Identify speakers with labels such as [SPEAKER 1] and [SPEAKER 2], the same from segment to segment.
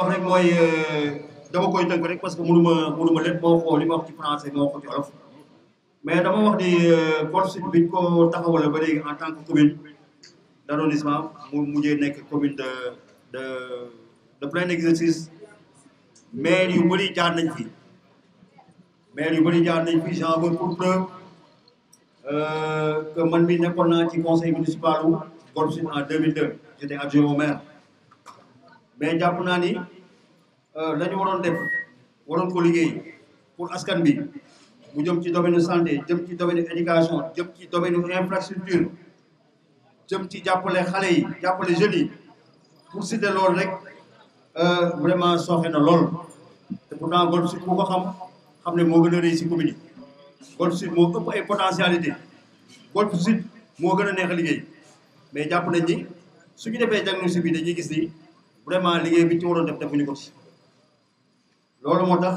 [SPEAKER 1] wax rek mooy euh, dama koy tënk rek parce que mënu ma mënu ma lépp moo xool li ma wax ci français moo ko ci mais dama wax ni Golf euh, Sud bi ñu ko taxawale ba léegi en tant que commune d' arrondissement mu mujjee nekk commune de de de exercice maire yu bëri jaar nañ fi mais yu bëri jaar nañ fi j'en veux pour preuve euh, que man mi nekkoon naa ci conseil municipal wu Golf Sud en 2002 j' étais adjoint mais jàpp naa ni euh, la ñu waroon def waroon ko liggéey pour askan bi mu jëm ci domaine santé jëm ci domaine éducation jëm ci domaine infrastructure jëm ci jàppale xale yi jàppale jeunes yi pour citer loolu rek euh, vraiment sooxe na lool te pourtant Golf Sud ku ko xam xam ne moo gën a rëy si commune yi Golf Sud moo ëpp ay potentialité Golf Sud moo gën a neex liggéey mais jàpp nañ ni su ñu defee diagnostic bi dañuy gis ni. vraiment liggéey bi ci waroon def defuñu ko ci loolu moo tax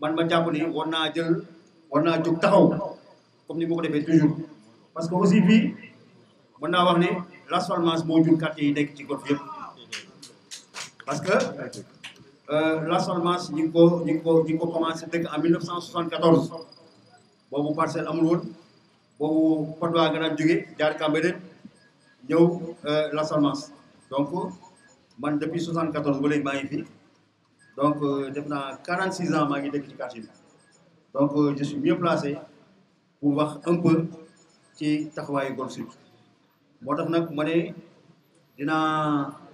[SPEAKER 1] man ma jàpp ni naa jël war naa jóg taxaw comme ni ma ko defee toujours parce que aussi fii mën naa wax ne l'asphalmage moo jur quartier yi nekk ci gox yëpp parce que euh, l'asphalmage ñu ngi ko ñu ngi ko ñu ngi ko commencé dëkk en 1974 boobu parcelle amul woon boobu Patte d'Oie nga daan jóge jaar Cambérène ñëw euh, l'asphalmage donc man depuis 74 ba léegi maa ngi fi donc euh, def naa 46 ans maa ngi dëkk ci quartier donc euh, je suis mieux placé pour wax un peu ci taxawaayu Golf Sud moo tax nag ma ne dinaa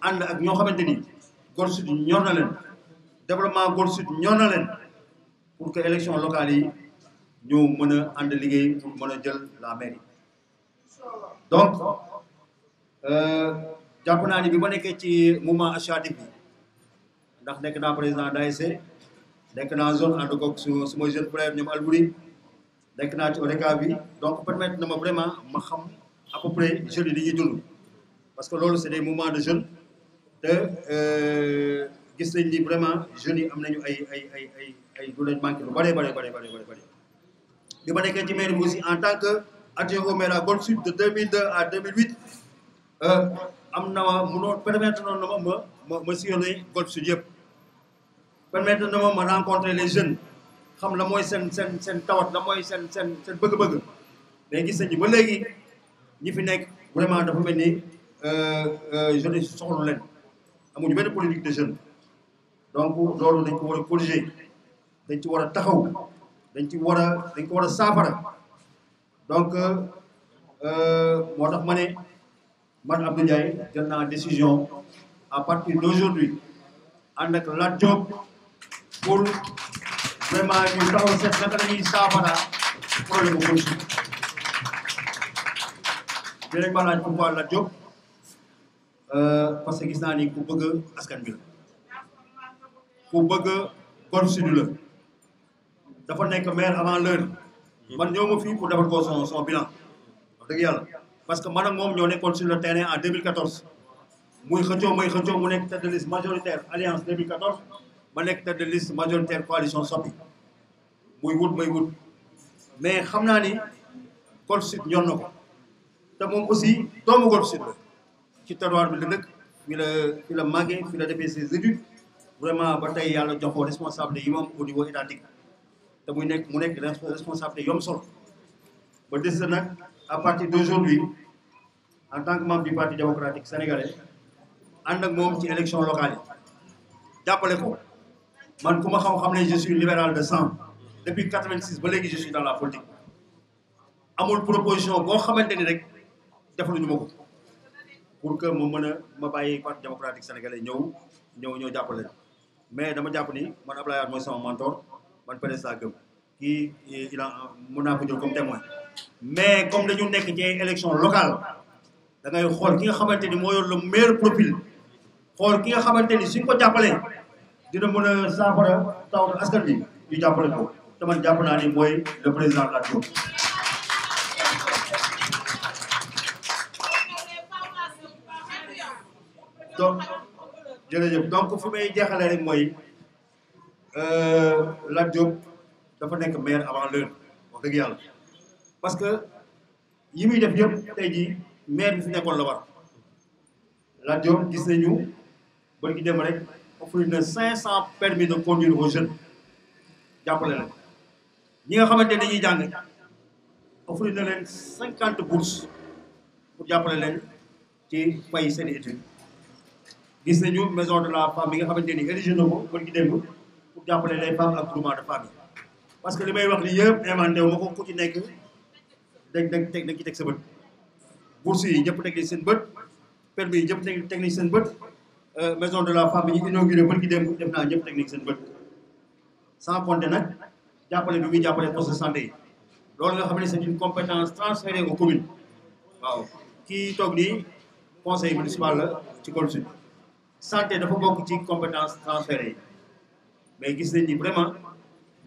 [SPEAKER 1] ànd ak ñoo xamante ni Golf Sud ñor na leen développement Golf Sud ñor na leen pour que élection locale yi ñoo mën a ànd liggéey pour mën a jël la mairie donc. Euh, jàpp naa ni bi ma nekkee ci mouvement associatif bi ndax nekk naa président d'ASC nekk naa zone ànd koog su ma jeune frère ñoom Albouri nekk naa ci ODCAV bi donc permettre na ma vraiment ma xam à peu près jeunes yi di ñuy parce que loolu c'est des mouvements de jeunes te euh, gis nañ ni vraiment jeunes yi am nañu ay ay ay ay ay du lañ manqué lu bare bare bare bare bare bi ma nekkee ci mairie bi aussi en tant que adjoint au maire à Golf Sud de 2002 à 2008. am na ma mënoo permettre noonu ma ma ma ma sillonné Golf Sud yëpp permettre na ma ma rencontrer les jeunes xam la mooy seen seen seen tawat la mooy seen seen seen bëgg-bëgg mais gis nañu ba léegi ñi fi nekk vraiment dafa mel ni euh, euh, jeunes yi soxlu leen amuñu benn politique de jeune donc loolu dañ ko war a corriger dañ ci war a taxaw dañ ci war a dañ war a saafara donc euh, moo tax ma ne man Abdou Ndiaye jël naa décision à partir d'aujourd'hui ànd ak Lat Diop pour vraiment ñu taxaw seet naka la ñuy saafara problème mu Kossy. dinañ ma laaj pourquoi Lat Diop euh, parce que gis naa ni ku bëgg askan bi la ku bëgg Golf Sud la dafa nekk maire avant l'heure man ñëw ma pour defal ko son bilan wax dëgg yàlla. parce que man ak moom ñoo nekkoon sur le terrain en 2014 muy xëccoo muy xëccoo mu nekk tête de liste majoritaire alliance 2014 ma nekk tête de liste coalition Sopi muy wut muy wut mais xam naa ni Golf Sud ñor na ko te moom aussi doomu Golf Sud la ci terroir bi la dëkk fi la fi la màggee fi la defee ses études vraiment ba tey yàlla jox ko responsable yi moom au niveau étatique te muy nekk mu nekk responsable yom solo ba des na nag à partir d'aujourd'hui en tant que membre du parti démocratique sénégalais ànd ak moom ci élection locale yi jàppale ko man ku ma xam-xam ne je suis libéral de sang depuis 86 ba léegi je suis dans la politique amul proposition boo xamante ni rek defaluñu ma ko pour que ma mën a ma bàyyi parti démocratique sénégalais ñëw ñëw ñëw jàppale mais dama jàpp ni man Ablaye Wade mooy sama mentor man PDS laa gëm. kii mun eh, a mën naa ko jël comme témoin mais comme nekk ci ay élection locale da xool ki nga xamante ni moo yor le profil xool ki nga xamante ni si ko jàppalee dina mën a saafara taw bi ñu jàppale ko te man jàpp naa ni mooy le président de la donc jërëjëf donc fu may jeexalee rek mooy euh, Lat Diop dafa nekk maire avant l'heure wax dëgg yàlla parce que yi muy def yëpp tey jii maire bi fi nekkoon la war Lat Diop gis nañu bari gi dem rek offrir na cinq cent permis de conduire aux jeunes jàppale la ñi nga xamante ne dañuy jàng offrir na cinquante bourses pour jàppale leen ci fay seen étude gis nañu maison de la femme yi nga xamante ni érigé na ko bari gi dem pour jàppale les femmes ak groupement de famille parce que li may wax ni yëpp inventé wu ma ko ku ci nekk dañ dañ teg dañ ci teg sa bët bourse yi ñëpp teg nañ seen bët permis yi ñëpp teg nañ seen bët euh, maison de la femme yi ñu inauguré bët ki dem def naa ñëpp teg nañ seen bët sans compter nag jàppale bi muy jàppale poste santé loolu nga xam ne c'est une compétence transférée aux communes waaw ki toog nii conseil municipal la ci Golf Sud santé dafa bokk ci compétence transférée yi mais gis nañ ni vraiment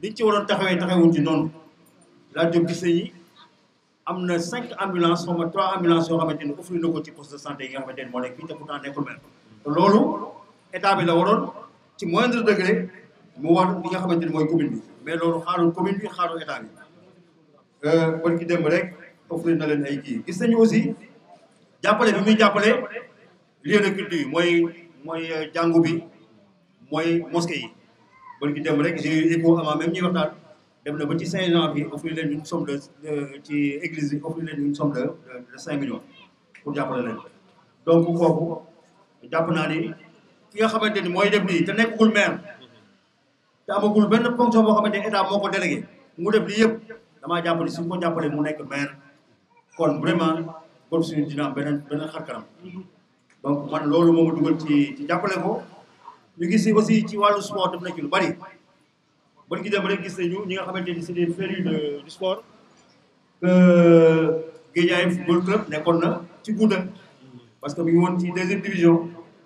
[SPEAKER 1] liñ ci waroon taxawee taxawuñ ci noonu laa jóg gis yi am na cinq ambulances xaw trois ambulances yoo xamante ni offrir ko ci poste de santé yi nga xamante nekkul mel loolu état bi la waroon ci moindre degré mu war li nga xamante ni mooy commune bi mais loolu xaaru commune bi xaarul état bi kon ki dem rek offrir na leen ay kii gis nañu aussi jàppale bi muy jàppale lieu de culture yi mooy mooy euh, jàngu bi mooy mosquée yi bër gi dem rek j'ai eu écho avant même ñuy waxtaan dem na ba ci cinq janvier offrir leen une somme de ci église bi offrir leen une somme de de cinq millions pour jàppale leen donc kooku jàpp naa ni ki nga xamante ni mooy def lii te nekkul maire te amagul benn fonction boo xamante ni état moo ko délégué mu def lii yëpp damaa jàpp ni suñ ko jàppale mu nekk maire kon vraiment kon suñu dina am beneen beneen xar kanam donc man loolu moo ma dugal ci ci jàppale ko ñu gis si aussi ci wàllu sport dem na ci lu bari ba ñu dem rek gis nañu ñi nga xamante ni c'est des férus du sport que Guédiawaye football club nekkoon na ci gudda parce que mu ngi ci deuxième division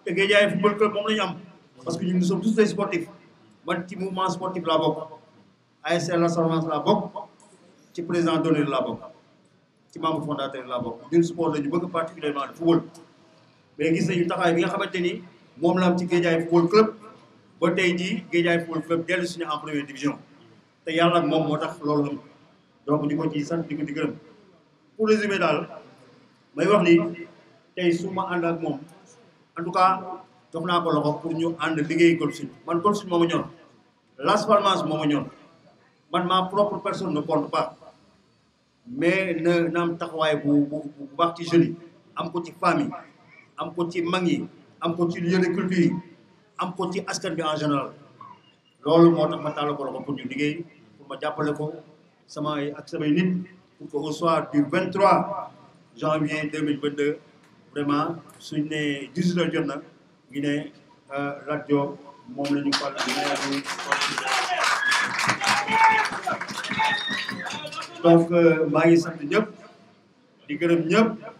[SPEAKER 1] te Guédiawaye football club moom la parce que ñu ngi sommes tous des sportifs man ci mouvement sportif laa bokk ASC La Servance laa bokk ci président d'honneur laa bokk ci membre fondateur laa bokk ñun sport la ñu bëgg particulièrement le football mais gis nañu taxawaay bi nga xamante ni. moom la am ci Guédiawaye Football Club ba tey jii Guédiawaye Football Club si suñu en première division te yàlla moom moo tax loolu am donc ñu ko ciy sant di ko di gërëm pour résumer daal may wax ni tey su ma ànd ak moom en tout cas jox naa ko loxo pour ñu ànd liggéey Golf Sud man Golf Sud moo ma ñor Las Palmas moo ma ñor man ma propre personne ne compte pas mais na naam taxuwaay bu bu bu baax ci jeunes am ko ci famille am ko ci mag yi. am ko ci li de culte am ko ci askan bi en général loolu moo tax ma tàll ko loxo pour ñu liggéey pour ma jàppale ko sama ak samay nit pour que au soir du 23 janvier 2022 vraiment suñ ne 18 heures jot na ñu ne rajo euh, moom la ñu fal maire donc euh, maa ngi sant ñëpp di gërëm ñëpp